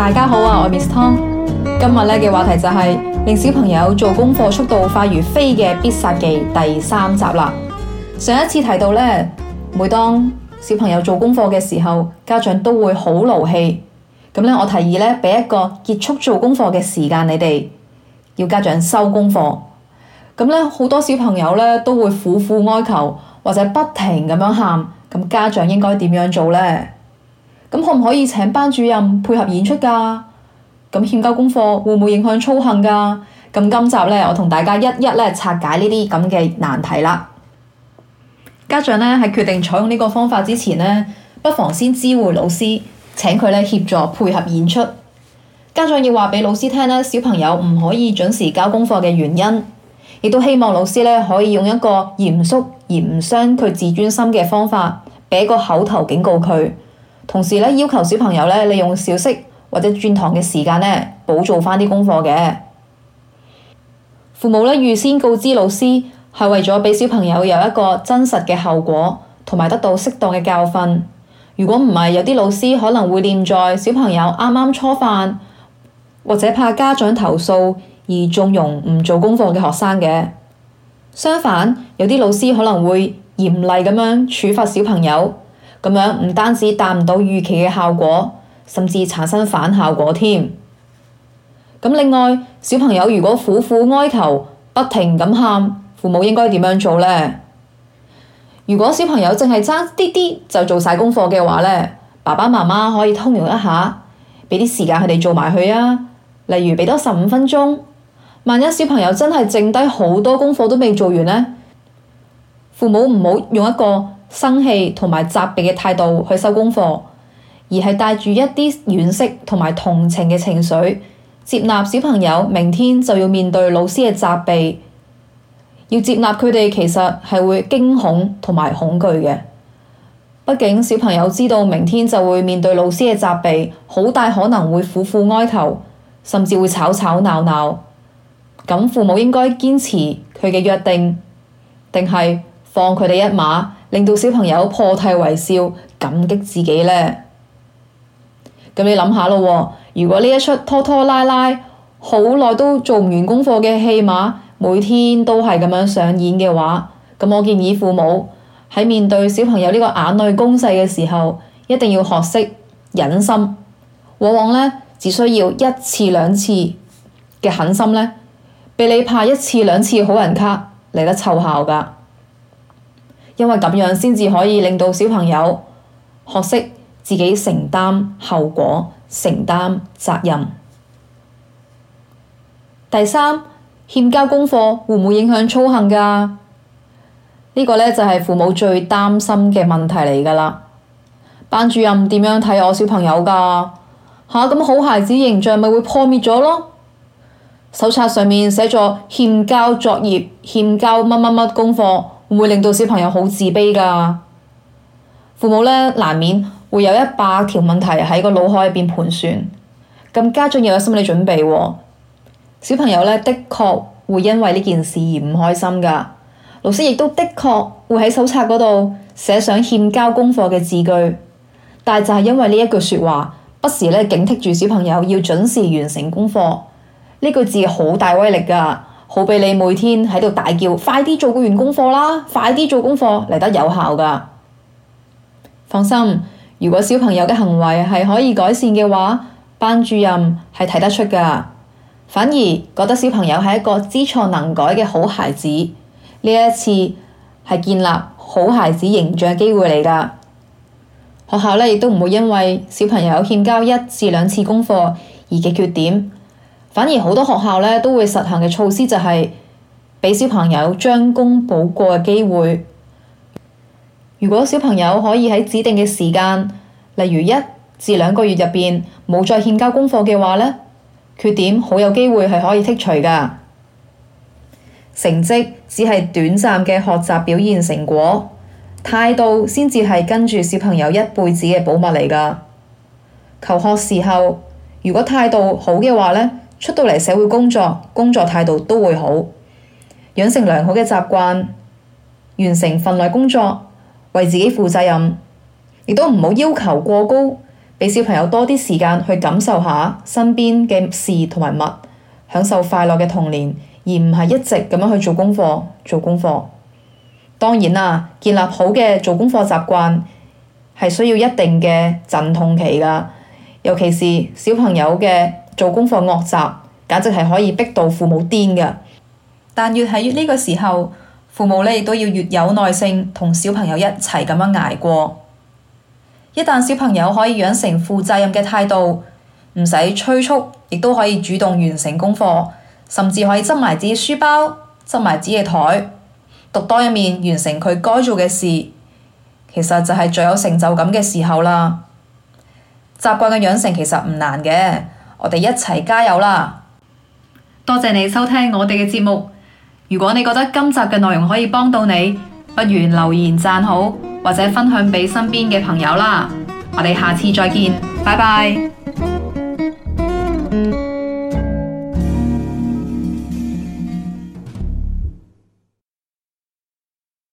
大家好啊，我係 Miss Tong。今日咧，嘅話題就係、是、令小朋友做功課速度快如飛嘅必殺技第三集啦。上一次提到咧，每當小朋友做功課嘅時候，家長都會好勞氣。咁咧，我提議咧，俾一個結束做功課嘅時間，你哋要家長收功課。咁咧，好多小朋友咧都會苦苦哀求或者不停咁樣喊，咁家長應該點樣做呢？咁可唔可以請班主任配合演出噶？咁欠交功課會唔會影響操行噶？咁今集呢，我同大家一一拆解呢啲咁嘅難題啦。家長呢，喺決定採用呢個方法之前呢，不妨先知會老師，請佢呢協助配合演出。家長要話俾老師聽呢，小朋友唔可以準時交功課嘅原因，亦都希望老師呢可以用一個嚴肅而唔傷佢自尊心嘅方法，俾個口頭警告佢。同時咧，要求小朋友咧利用小息或者轉堂嘅時間咧，補做返啲功課嘅。父母咧預先告知老師，係為咗俾小朋友有一個真實嘅後果，同埋得到適當嘅教訓。如果唔係，有啲老師可能會念在小朋友啱啱初犯，或者怕家長投訴而縱容唔做功課嘅學生嘅。相反，有啲老師可能會嚴厲咁樣處罰小朋友。咁樣唔單止達唔到預期嘅效果，甚至產生反效果添。咁另外，小朋友如果苦苦哀求、不停咁喊，父母應該點樣做呢？如果小朋友淨係差啲啲就做晒功課嘅話呢，爸爸媽媽可以通融一下，俾啲時間佢哋做埋去啊。例如俾多十五分鐘。萬一小朋友真係剩低好多功課都未做完呢，父母唔好用一個生氣同埋責備嘅態度去收功課，而係帶住一啲惋惜同埋同情嘅情緒，接納小朋友明天就要面對老師嘅責備，要接納佢哋其實係會驚恐同埋恐懼嘅。畢竟小朋友知道明天就會面對老師嘅責備，好大可能會苦苦哀求，甚至會吵吵鬧鬧。咁父母應該堅持佢嘅約定，定係放佢哋一馬？令到小朋友破涕為笑，感激自己呢。咁你諗下咯，如果呢一出拖拖拉拉、好耐都做唔完功課嘅戲碼，每天都係咁樣上演嘅話，咁我建議父母喺面對小朋友呢個眼淚攻勢嘅時候，一定要學識忍心。往往呢，只需要一次兩次嘅狠心呢，俾你拍一次兩次好人卡嚟得湊效㗎。因為咁樣先至可以令到小朋友學識自己承擔後果、承擔責任。第三，欠交功課會唔會影響操行噶？呢個呢，就係父母最擔心嘅問題嚟噶啦。班主任點樣睇我小朋友噶？吓、啊、咁好孩子形象咪會破滅咗咯？手冊上面寫咗欠交作業、欠交乜乜乜功課。唔會令到小朋友好自卑㗎，父母呢，難免會有一百條問題喺個腦海入邊盤旋，咁家長要有心理準備。小朋友呢，的確會因為呢件事而唔開心㗎，老師亦都的確會喺手冊嗰度寫上欠交功課嘅字句，但係就係因為呢一句説話，不時呢，警惕住小朋友要準時完成功課，呢個字好大威力㗎。好比你每天喺度大叫，快啲做完功課啦！快啲做功課嚟得有效㗎。放心，如果小朋友嘅行為係可以改善嘅話，班主任係睇得出㗎。反而覺得小朋友係一個知錯能改嘅好孩子，呢一次係建立好孩子形象嘅機會嚟㗎。學校呢亦都唔會因為小朋友欠交一至兩次功課而畀缺點。反而好多學校咧都會實行嘅措施就係畀小朋友將功補過嘅機會。如果小朋友可以喺指定嘅時間，例如一至兩個月入邊冇再欠交功課嘅話咧，缺點好有機會係可以剔除㗎。成績只係短暫嘅學習表現成果，態度先至係跟住小朋友一輩子嘅寶物嚟㗎。求學時候，如果態度好嘅話咧。出到嚟社會工作，工作態度都會好，養成良好嘅習慣，完成份內工作，為自己負責任，亦都唔好要，要求過高，畀小朋友多啲時間去感受下身邊嘅事同埋物，享受快樂嘅童年，而唔係一直咁樣去做功課做功課。當然啦，建立好嘅做功課習慣係需要一定嘅陣痛期噶，尤其是小朋友嘅。做功課惡習，簡直係可以逼到父母癲嘅。但越係呢個時候，父母咧亦都要越有耐性，同小朋友一齊咁樣挨過。一旦小朋友可以養成負責任嘅態度，唔使催促，亦都可以主動完成功課，甚至可以執埋自己書包，執埋自己嘅台，讀多一面，完成佢該做嘅事。其實就係最有成就感嘅時候啦。習慣嘅養成其實唔難嘅。我哋一齊加油啦！多謝你收聽我哋嘅節目。如果你覺得今集嘅內容可以幫到你，不如留言讚好或者分享畀身邊嘅朋友啦。我哋下次再見，拜拜。